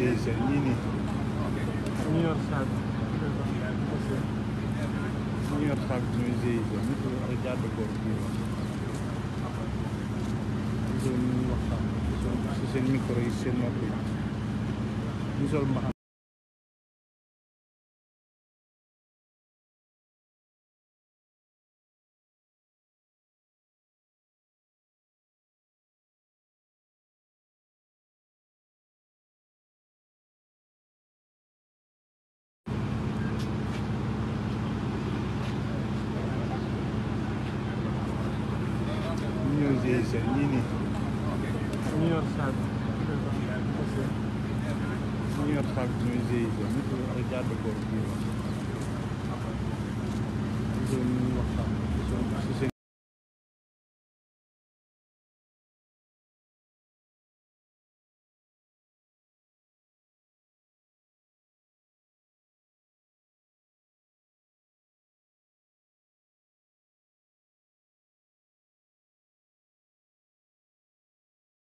pièce ñii nii ñu yor saag ñu yor saag ñooy GIE ñëpp ay jàdd góor ñu doon ñu waxtaan si seen micro yi seen nopp yi ñu sol mbaxam DSL ñii nii ñu yor saag ñu yor saag ñooy DSL ñu tudd ak jàdd koor